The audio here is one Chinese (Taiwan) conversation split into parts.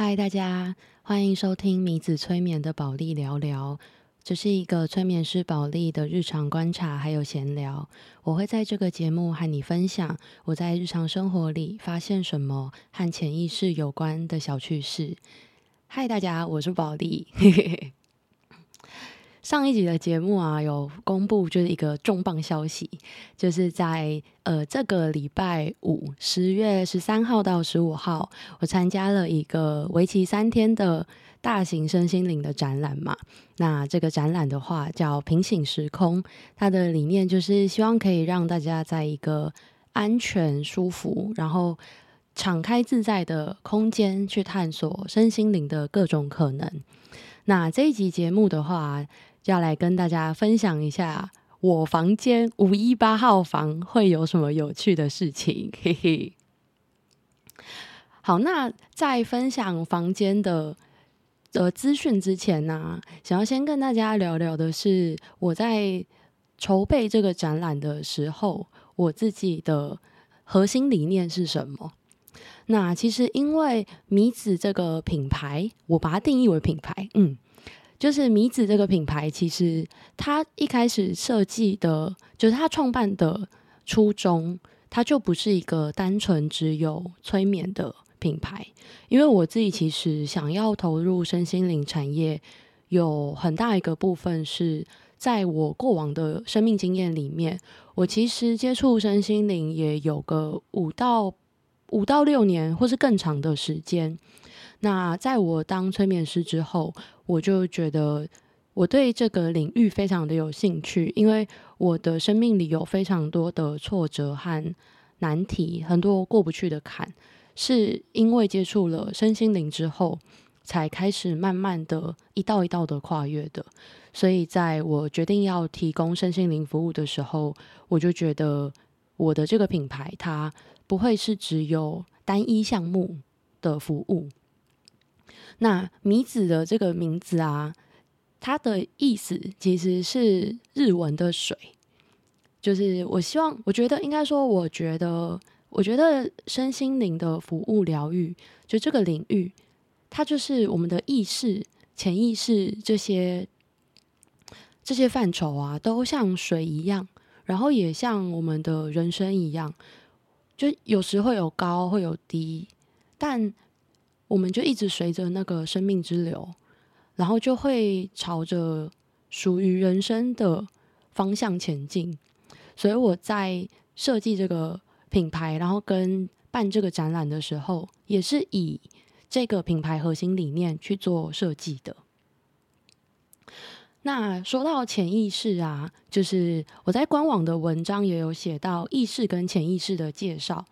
嗨，Hi, 大家，歡迎收聽謎子催眠的寶麗聊聊，這是一個催眠師寶麗的日常觀察還有閒聊。我會在這個節目和你分享我在日常生活裡發現什麼和潛意識有關的小趣事。嗨，大家，我是寶麗。 上一集的節目啊，有公布就是一個重磅消息，就是在呃這個禮拜五，十月十三號到十五號，我參加了一個為期三天的大型身心靈的展覽嘛。那這個展覽的話叫“瓶醒時空”，它的理念就是希望可以讓大家在一個安全、舒服，然後敞開、自在的空間，去探索身心靈的各種可能。那這一集節目的話，就要來跟大家分享一下我房間五一八號房會有什麼有趣的事情，嘿嘿。好，那在分享房間的的資訊之前呢、啊，想要先跟大家聊聊的是我在籌備這個展覽的時候，我自己的核心理念是什麼？那其實因為謎子這個品牌，我把它定義為品牌，嗯。就是謎子這個品牌，其實它一開始設計的，就是它創辦的初衷，它就不是一個單純只有催眠的品牌。因為我自己其實想要投入身心靈產業，有很大一個部分是在我過往的生命經驗裡面，我其實接觸身心靈也有個五到五到六年，或是更長的時間。那在我當催眠師之後，我就覺得我對這個領域非常的有興趣，因為我的生命裡有非常多的挫折和難題，很多過不去的坎，是因為接觸了身心靈之後，才開始慢慢的一道一道的跨越的。所以，在我決定要提供身心靈服務的時候，我就覺得我的這個品牌它不會是只有單一項目的服務。那謎子的這個名字啊，它的意思其實是日文的“水”，就是我希望，我覺得應該說，我覺得，我覺得身心靈的服務療癒，就這個領域，它就是我們的意識、潛意識這些這些範疇啊，都像水一樣，然後也像我們的人生一樣，就有時會有高，會有低，但。我們就一直隨着那個生命之流，然後就會朝着屬於人生的方向前進。所以我在設計這個品牌，然後跟辦這個展覽的時候，也是以這個品牌核心理念去做設計的。那說到潛意識啊，就是我在官網的文章也有寫到意識跟潛意識的介紹。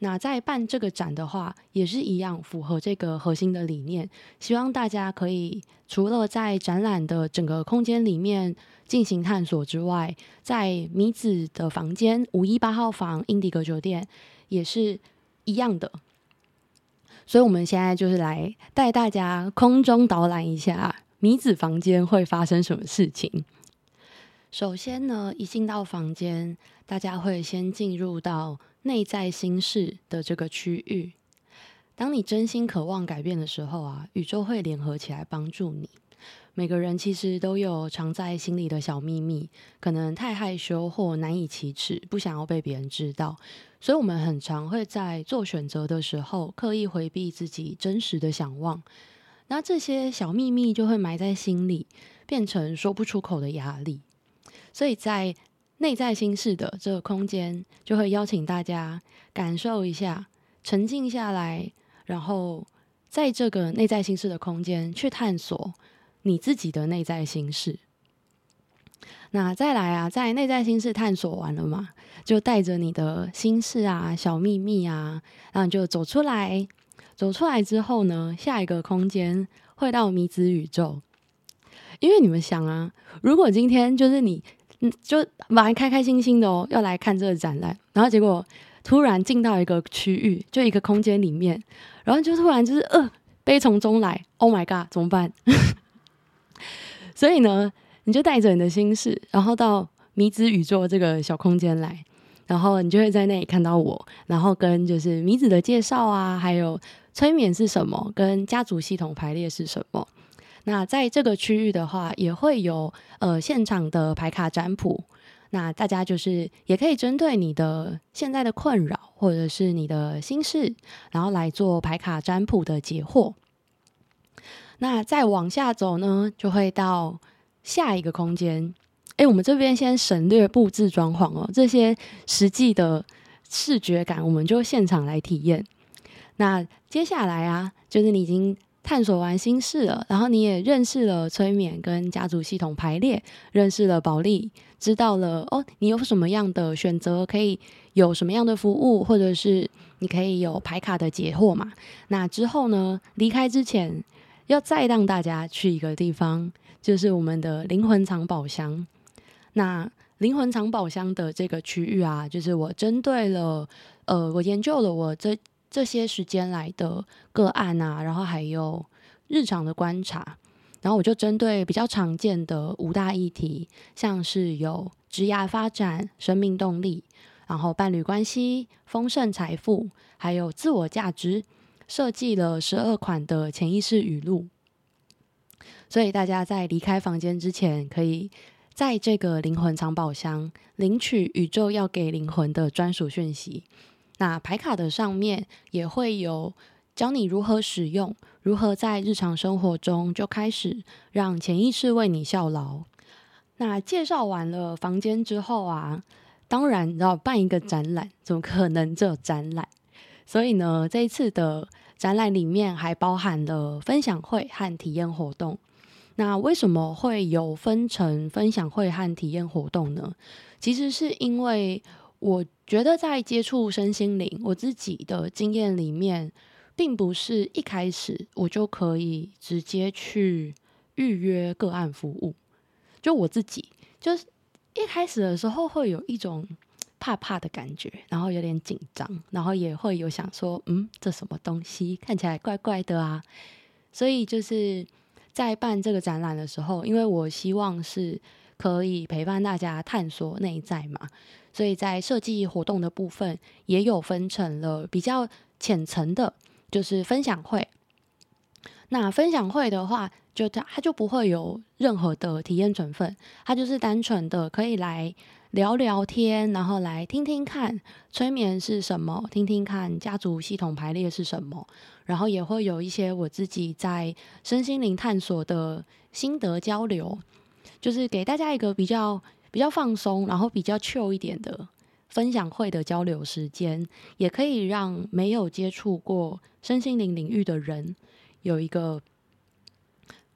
那在辦這個展的話，也是一樣符合這個核心的理念。希望大家可以除了在展覽的整個空間裡面進行探索之外，在謎子的房間五一八號房、英迪格酒店也是一樣的。所以，我們現在就是來帶大家空中導覽一下謎子房間會發生什麼事情。首先呢，一進到房間，大家會先進入到。內在心事的這個區域，當你真心渴望改變的時候啊，宇宙會聯合起來幫助你。每個人其實都有藏在心裡的小秘密，可能太害羞或難以啟齒，不想要被別人知道，所以我們很常會在做選擇的時候刻意回避自己真實的想望，那這些小秘密就會埋在心裡，變成說不出口的壓力。所以在內在心事的這個空間，就會邀請大家感受一下，沉靜下來，然後在這個內在心事的空間去探索你自己的內在心事。那再來啊，在內在心事探索完了嘛，就帶着你的心事啊、小秘密啊，然後就走出來。走出來之後呢，下一個空間會到謎子宇宙，因為你們想啊，如果今天就是你。嗯，就蠻開開心心的哦，要來看這個展覽，然後結果突然進到一個區域，就一個空間裡面，然後就突然就是呃，悲從中來，Oh my god，怎麼辦？ 所以呢，你就帶着你的心事，然後到謎子宇宙這個小空間來，然後你就會在那裡看到我，然後跟就是謎子的介紹啊，還有催眠是什麼，跟家族系統排列是什麼。那在這個區域的話，也會有呃現場的牌卡占卜。那大家就是也可以針對你的現在的困擾或者是你的心事，然後來做牌卡占卜的解惑。那再往下走呢，就會到下一個空間。哎，我們這邊先省略布置裝潢哦，這些實際的視覺感，我們就現場來體驗。那接下來啊，就是你已經。探索完心事了，然後你也認識了催眠跟家族系統排列，認識了保利，知道了哦，你有什麼樣的選擇，可以有什麼樣的服務，或者是你可以有牌卡的解惑嘛？那之後呢，離開之前要再讓大家去一個地方，就是我們的靈魂藏寶箱。那靈魂藏寶箱的這個區域啊，就是我針對了，呃，我研究了我這。這些時間來的個案啊，然後還有日常的觀察，然後我就針對比較常見的五大議題，像是有職業發展、生命動力，然後伴侶關係、豐盛財富，還有自我價值，設計了十二款的潛意識語錄。所以大家在離開房間之前，可以在這個靈魂藏寶箱領取宇宙要給靈魂的專屬訊息。那牌卡的上面也會有教你如何使用，如何在日常生活中就開始讓潛意識為你效勞。那介紹完了房間之後啊，當然要辦一個展覽，怎麼可能只有展覽？嗯、所以呢，這一次的展覽裡面還包含了分享會和體驗活動。那為什麼會有分成分享會和體驗活動呢？其實是因為。我覺得在接觸身心靈，我自己的經驗裡面，並不是一開始我就可以直接去預約個案服務。就我自己，就是一開始的時候會有一種怕怕的感覺，然後有點緊張，然後也會有想說，嗯，這什麼東西看起來怪怪的啊。所以就是在辦這個展覽的時候，因為我希望是……可以陪伴大家探索內在嘛？所以在設計活動的部分，也有分成了比較淺層的，就是分享會。那分享會的話，就它它就不會有任何的體驗成分，它就是單純的可以來聊聊天，然後來聽聽看催眠是什麼，聽聽看家族系統排列是什麼，然後也會有一些我自己在身心靈探索的心得交流。就是給大家一個比較比較放鬆，然後比較 chill 一點的分享會的交流時間，也可以讓沒有接觸過身心靈領域的人有一個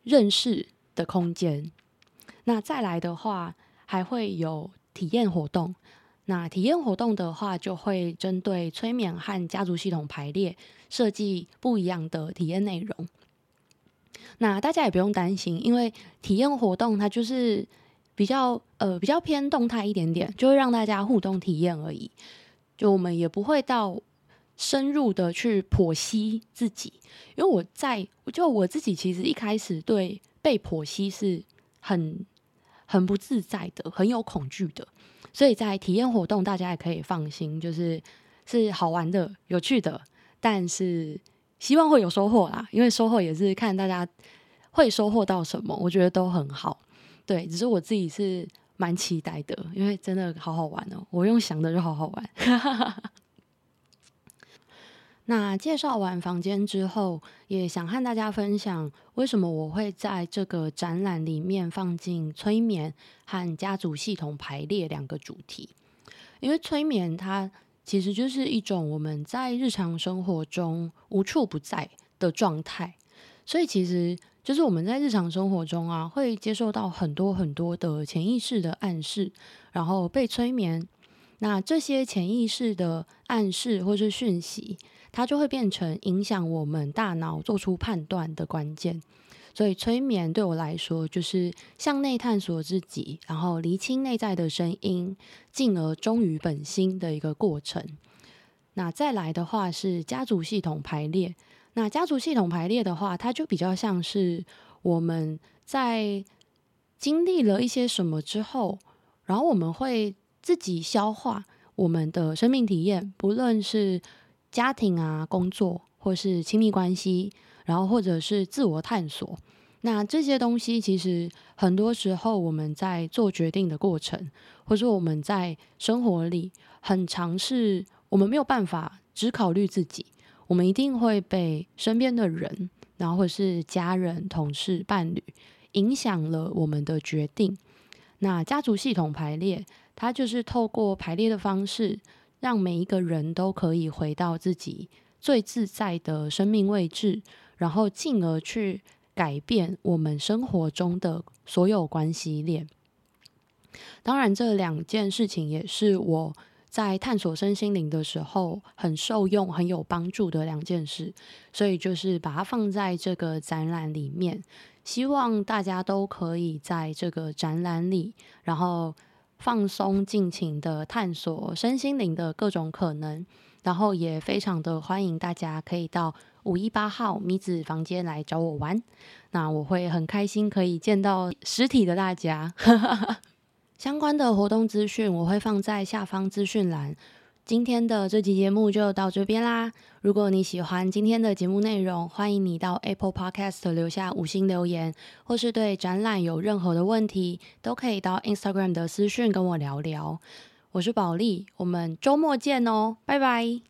認識的空間。那再來的話，還會有體驗活動。那體驗活動的話，就會針對催眠和家族系統排列設計不一樣的體驗內容。那大家也不用擔心，因為體驗活動它就是比較呃比較偏動態一點點，就會讓大家互動體驗而已。就我們也不會到深入的去剖析自己，因為我在，就我自己其實一開始對被剖析是很很不自在的，很有恐懼的。所以在體驗活動，大家也可以放心，就是是好玩的、有趣的，但是。希望會有收穫啦，因為收穫也是看大家會收穫到什麼，我覺得都很好。對，只是我自己是蠻期待的，因為真的好好玩哦，我用想的就好好玩。 那介紹完房間之後，也想和大家分享為什麼我會在這個展覽裡面放進催眠和家族系統排列兩個主題，因為催眠它。其實就是一種我們在日常生活中無處不在的狀態，所以其實就是我們在日常生活中啊，會接受到很多很多的潛意識的暗示，然後被催眠。那這些潛意識的暗示或是訊息，它就會變成影響我們大腦做出判斷的關鍵。所以，催眠對我來說就是向內探索自己，然後釐清內在的聲音，進而忠於本心的一個過程。那再來的話是家族系統排列。那家族系統排列的話，它就比較像是我們在經歷了一些什麼之後，然後我們會自己消化我們的生命體驗，不論是家庭啊、工作或是親密關係。然後，或者是自我探索，那這些東西其實很多時候我們在做決定的過程，或者我們在生活裡很常是，我們沒有辦法只考慮自己，我們一定會被身邊的人，然後或是家人、同事、伴侶影響了我們的決定。那家族系統排列，它就是透過排列的方式，讓每一個人都可以回到自己最自在的生命位置，然後進而去改變我們生活中的所有關係鏈。當然，這兩件事情也是我在探索身心靈的時候很受用、很有幫助的兩件事。所以，就是把它放在這個展覽裡面，希望大家都可以在這個展覽裡，然後放鬆、盡情地探索身心靈的各種可能。然後也非常的歡迎大家，可以到五一八號謎子房間來找我玩。那我會很開心可以見到實體的大家。 相關的活動資訊我會放在下方資訊欄。今天的這期節目就到這邊啦。如果你喜歡今天的節目內容，歡迎你到 Apple Podcast 留下五星留言，或是對展覽有任何的問題，都可以到 Instagram 的私訊跟我聊聊。我是 Polly，我們周末見哦，拜拜。